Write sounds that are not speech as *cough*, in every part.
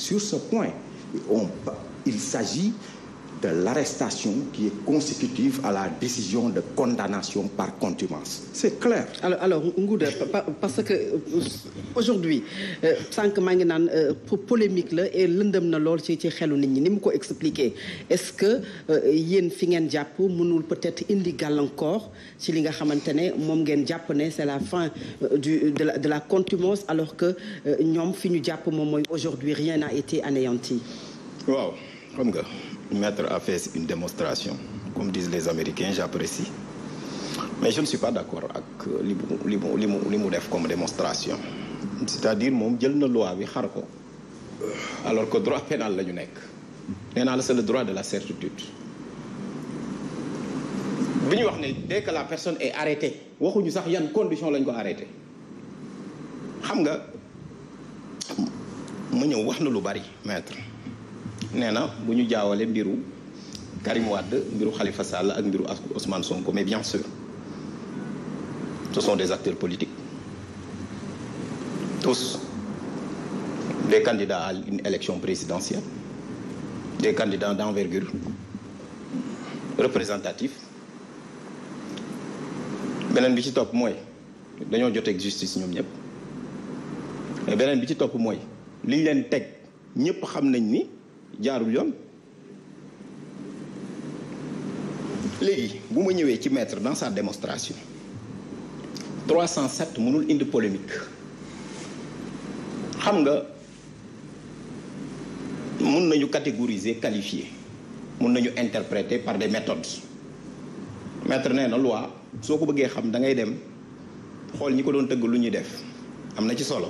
Sur ce point, il s'agit de l'arrestation qui est consécutive à la décision de condamnation par contumance. C'est clair. Alors, Ngouda, parce que euh, aujourd'hui, sans que je pour polémique et l'un na lool ci ci nit ñi expliquer est-ce que a euh, fi fin de mënul peut-être indi encore, si li nga xamante ne moom japonais c'est la fin euh, de la contumance, alors que nous fi ñu aujourd'hui rien n'a été anéanti. Wow, comme ça maître a fait une démonstration. Comme disent les Américains, j'apprécie. Mais je ne suis pas d'accord avec ce que comme démonstration. c'est-à-dire que jël loi bi alors que droit pénal est le droit de la certitude. dès que la personne est arrêtée waxuñu sax une condition lañ ko arrêté xam nga ma ñëw wax na lu maître nena buñu jaawale Karim Khalifa Sall ak mais bien sûr ce sont des acteurs politiques tous des candidats à une élection présidentielle des candidats d'envergure représentatifs bi ci justice Mais bi ci top moy jaarul yoon léegi bu ci maître dans sa démonstration 307 mënul indi polémique xam nga nañu catégoriser qualifier nañu interpréter par des méthodes maître nee loi soo ko xam da ngay doon solo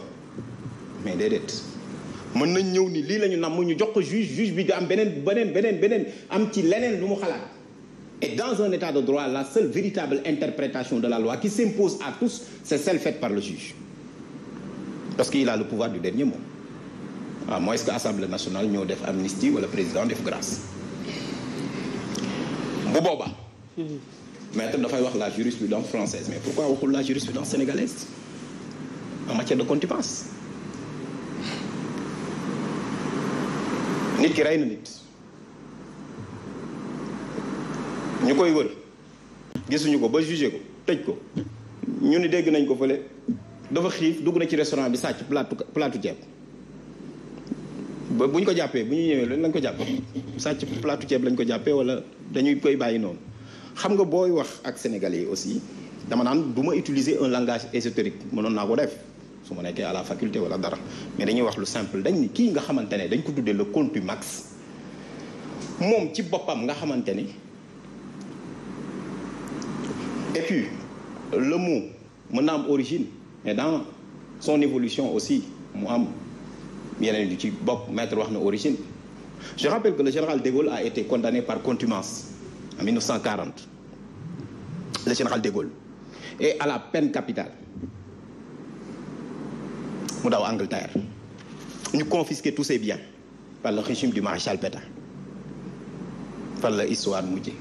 mais nañ ni namm juge et dans un état de droit la seule véritable interprétation de la loi qui s'impose à tous c'est celle faite par le juge parce qu'il a le pouvoir du dernier mot est-ce que l'Assemblée nationale ñoo def amnistie wala président def grâce bu booba maître dafay wax la jurisprudence française mais pourquoi waxul la jurisprudence sénégalaise en matière de contumace nit ki rey na nit ñu koy wër gisuñu ko ba jugé ko tej ko ñu ni dégg nañ ko fële dafa xiif dugg na ci restaurant bi sàcc plateau plateau ceeb ba ko jàppee bu ñu ñëwee ko jàpp sàcc lañ ko wala dañuy koy sénégalais aussi dama utiliser un langage ésotérique mënoon naa su ma à la faculté wala dara mais dañuy wax le simple dañ ni kii nga xamante ne dañ ko tuddee le max. moom ci papa nga xamante et puis le mot mon âme am origine mais dans son évolution aussi mu am yeneen yu ci bopp maître wax na origine je rappelle que le général de Gaulle a été condamné par contumance en 1940 le général de Gaulle et à la peine capitale nous, daw Angleterre nous confisquer tous ces biens par le régime du maréchal Pétain par l'histoire histoire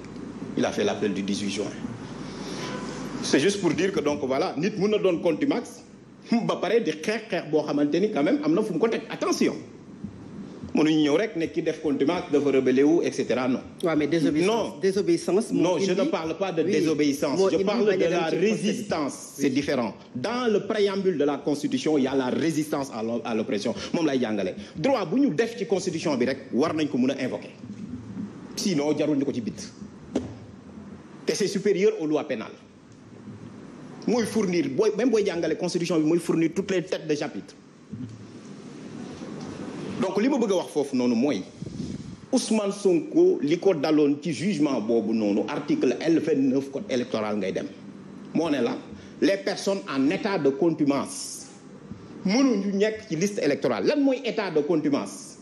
il a fait l'appel du 18 juin c'est juste pour dire que donc voilà nit nous na donnons compte *laughs* ba pare di xeex de boo xamante maintenir quand même am na fu attention mënuñu ñëw rek ne ki def contumace de vous wu etc. non. waaw mais désobéissance non désobéissance. non je ne parle pas de désobéissance. je parle de la résistance. c'est différent dans le préambule de la constitution il y a la résistance à l'oppression moom lay jàngale. droit bu ñu def ci constitution bi rek war nañ ko invoquer sinon jarul ñu ko ci bit Et c'est supérieur aux lois pénales mooy fournir booy même booy jàngale constitution bi mooy fournir toutes les têtes de chapitre donc li ma bëgg veux wax c'est que... Ousmane Sonko li ko daloon ci jugement c'est l'article article L29 code électoral ngay dem la les personnes en état de contumace mënuñu nekk ci liste électorale lan mooy état de contumance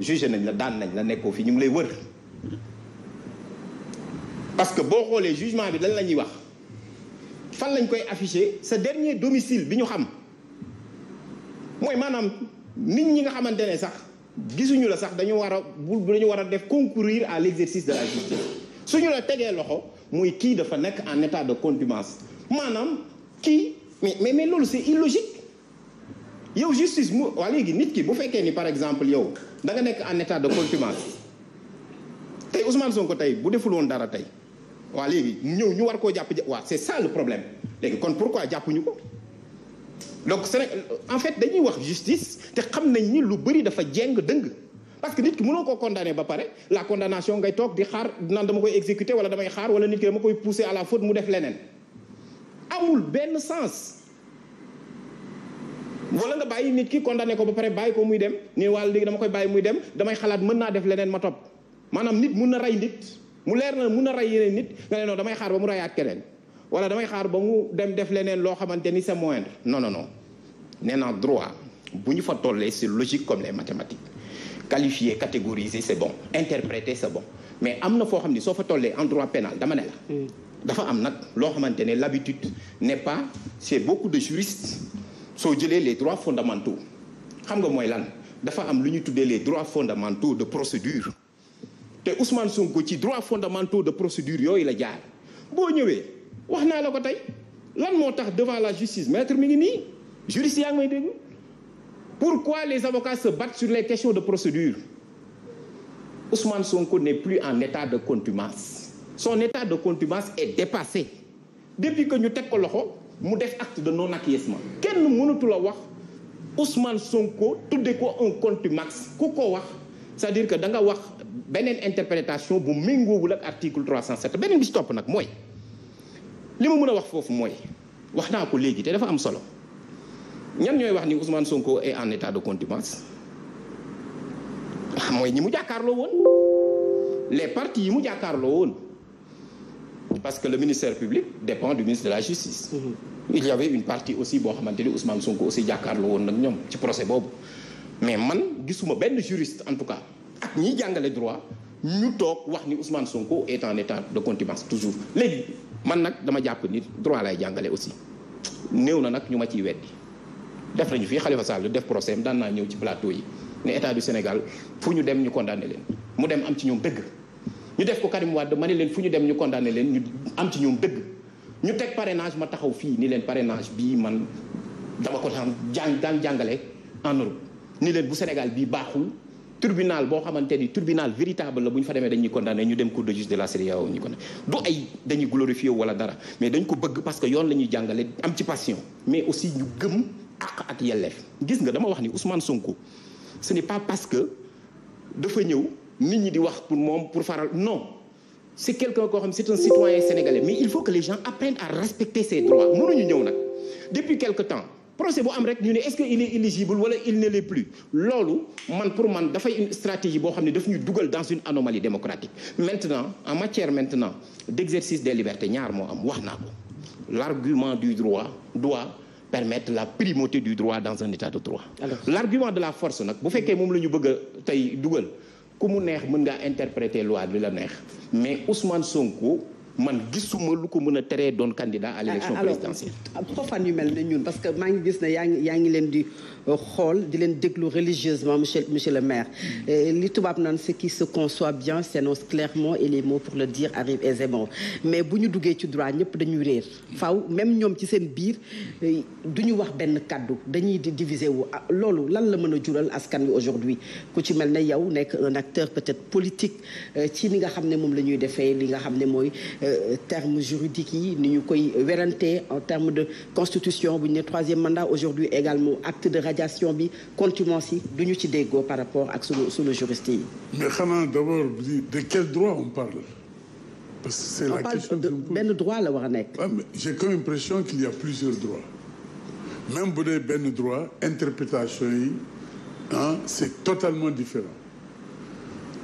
jugé nañ la daan nañ la nekkoo fi ñu lay wër parce que bon, les jugement bi lan la ñuy wax fan lañ koy afficher dernier domicile bi ñu xam mooy maanaam nit ñi nga xamantene sax gisunu la sax dañu wara buñu wara def concourir à l'exercice de la justice suñu la tégué loxo muy ki dafa nekk en état de contumace manam ki mais mais lolu c'est illogique yow justice mu waa nit ki bu fekkee ni par exemple yow da nga nekk en état de contumace tay Ousmane Sonko tay bu deful won dara tay waa léegi ñëw ñu war koo jàpp waa c'est ça le problème légui kon pourquoi jappu ñuko donc en fait dañuy wax justice te xam nañ ni lu bëri dafa jeng dëng parce que nit ki mënoo koo condamné ba pare la condamnation ngay toog di xaar naan dama koy exécuté wala damay xaar wala nit ki dama koy poussé à la mu def leneen benn sens wala nga bàyyi nit ki condamné ko ba pare bàyyi ko muy dem nii wala dama koy bàyyi muy dem damay xalaat mën naa def leneen ma topp maanaam mun na rey nit mu leer na mun na rey yeneen nit nga damay xaar ba mu reyaat keneen wala damay xaar ba mu dem def leneen loo xamante ni sa moindre non non non nee naa droit c'est logique comme les mathématiques qualifier catégoriser c'est bon interpréter c'est bon mais il faut foo xam fa en droit pénal dama faut la l'habitude n'est pas c'est beaucoup de juristes qui ont les droits fondamentaux xam nga que lan dafa am les droits fondamentaux de procédure te Ousmane Sonko les droits fondamentaux de procédure yooyu la jaar boo vous wax naa la ko tey lan moo tax devant la justice maître mi ngi juriste vous ngi pourquoi les avocats se battent sur les questions de procédure Ousmane Sonko n'est plus en état de contumace. Son état de contumace est dépassé. Depuis que nous avons mu def acte de non acquiescement Quel mënatu la wax Ousmane Sonko tout ko en contumax c'est-à-dire que da nga wax interprétation bu article 307 beneen bi ci wax que ñan ñooy wax ni Ousmane Sonko est en état de contumace ah, mooy ñi mu jàkkaarloo woon les partis yi mu jàkkaarloo woon parce que le ministère public dépend du ministre de la justice. Mm-hmm. il y avait une partie aussi boo xamante ni Ousmane Sonko aussi jàkkaarloo woon nag ñoom ci procès boobu mais man gisuma benn juriste en tout cas ak ñiy jàngale droit ñu toog wax ni Ousmane Sonko est en état de contumace toujours léegi man nag dama jàpp ni droit lay jàngale aussi néew na nag ñu ma ciy weddi def nañu fii Khalifa Sall def procès am daan naa ñëw ci plateau yi ne état du Sénégal fu ñu dem ñu condamné leen mu dem am ci ñoom dëgg ñu def ko Karim Wade ma ne leen fu ñu dem ñu condamné leen ñu am ci ñoom dëgg ñu teg parrainage ma taxaw fii ni leen parrainage bii man dama ko daan jàng daan jàngale en Europe ni leen bu Sénégal bii baaxul tribunal boo xamante ni tribunal véritable la bu ñu fa demee dañuy condamné ñu dem cour de justice de la CEDEAO ñu ko ne du ay dañuy glorifier wala dara mais dañ ko bëgg parce que yoon la ñuy jàngale am ci passion mais aussi ñu gëm ak ak yelleef gis nga dama wax ni Ousmane Sonko ce n'est pas parce que dafa ñëw nit ñi di wax pour moom pour faral non c'est quelqu'un koo xam c'est un citoyen sénégalais mais il faut que les gens apprennent à respecter ses droits mënuñu ñëw nag depuis quelque temps procès bu am rek ñu ne est-ce que il est éligible wala il ne l'est plus loolu man pour man dafay une stratégie boo xam ne daf dans une anomalie démocratique maintenant en matière maintenant d'exercice des libertés ñaar moo am wax naa l'argument du droit doit permettre la primauté du droit dans un état de droit. l'argument de la force vous faites que moom la dit, bëgg vous tey la loi de la neex mais Ousmane Sonko man gisuma lu ko mën téré teree candidat à l'élection ah, ah, présidentielle. profane ah, yu mel ne ñun parce que ma ngi gis ne yaa ngi yaa leen di euh, xol di leen déglu religieusement monsieur monsieur le maire mm. li tubab nan ce qui se conçoit bien s'énonce clairement et les mots pour le dire arrivent aisément mais buñu duggé ci droit ñëpp dañuy rër faaw même ñom ci seen biir euh, duñu wax ben cadeau dañuy di diviser wu lolu lan la mëna jural askan wi aujourd'hui ku ci mel ne yow nekk un acteur peut-être politique euh, ci li nga xamné mom lañuy défé li nga xamné moy euh, termes juridiques nous en termes de constitution bu troisième mandat aujourd'hui également acte de radiation bi de nous par rapport ak ce le juriste mais d'abord de quel droit on parle parce que c'est la question de droit la j'ai comme impression qu'il y a plusieurs droits même pour les benn droit interprétation hein, c'est totalement différent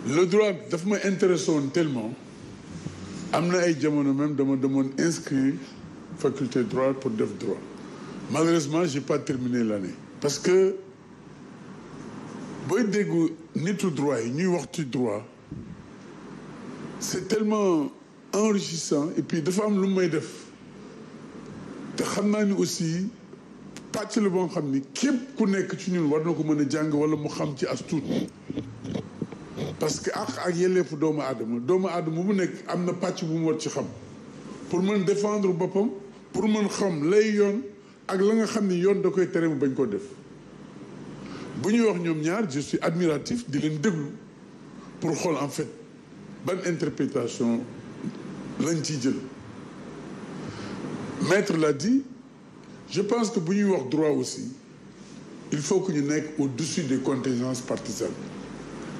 le droit daf ma tellement amna ay jamono même dama demoon inscrit faculté droit pour def droit malheureusement j'ai pas terminé l'année parce que booy déggu nitu droit ni ñuy wax droit c'est tellement enrichissant et puis dafa am lu may def te xamna ni aussi patch le bon xamni kep képp ku nekk ci ñun war na ko mën a wala mu xam ci as parce que àq ak yelleefu doomu aadama doomu aadama bu nek amna patch bu mu war ci xam pour mën défendre bopam pour mën xam lay yoon ak la nga xam ni yoon da koy tere mu bañ ko def bu wax ñom ñaar je suis admiratif di leen déglu pour xol en fait ban interprétation lañ ciy jël maître l'a dit je pense que bu wax droit aussi il faut que ñu nek au-dessus des contingences partisanes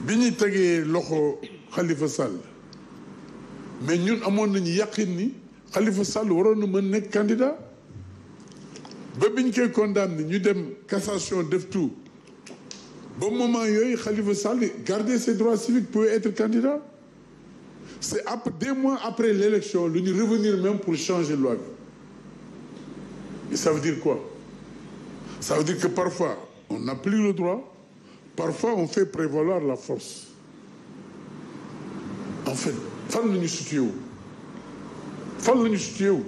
bi ñu tegee Khalifa Sall mais nous, amoon nañu ni Khalifa Sall waroon mën nekk candidat ba biñ condamné ñu dem cassation def tout ba moment où Khalifa Sall garder ses droits civiques pour être candidat c'est après des mois après l'élection lu ñu revenir même pour changer loi et ça veut dire quoi ça veut dire que parfois on n'a plus le droit Parfois, on fait prévaloir la force. En fait, il faut que nous nous soutenions.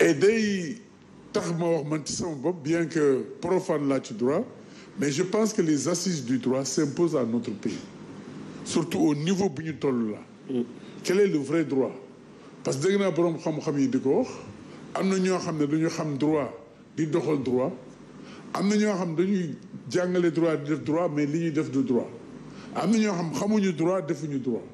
et des tax ma bien que profane là, tu droit mais je pense que les assises du droit s'imposent à notre pays surtout au niveau bu là. quel est le vrai droit parce que nous avons boroom xam-xam yi droit am na ñoo xam dañuy jàngale droit di def droit mais li ñuy def du droit am na ñoo xam xamuñu droit defuñu droit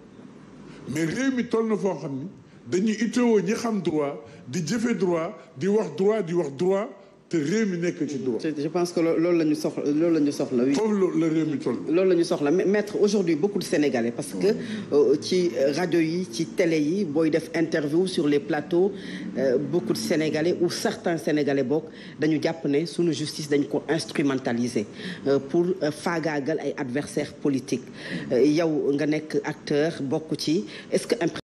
mais réew mi toll na foo xam ni dañuy itteewoo ñi xam droit di jëfe droit di wax droit di wax droit te que tu dois. je pense que l'on la sort soxla nous la ñu soxla. maître aujourd'hui beaucoup de Sénégalais parce que euh, ci rajo yi ci télé yi sur les plateaux euh, beaucoup de Sénégalais ou certains Sénégalais bokk dañu jàpp une justice dañ euh, pour faire des adversaires politiques yow nga un acteur beaucoup ci est-ce que.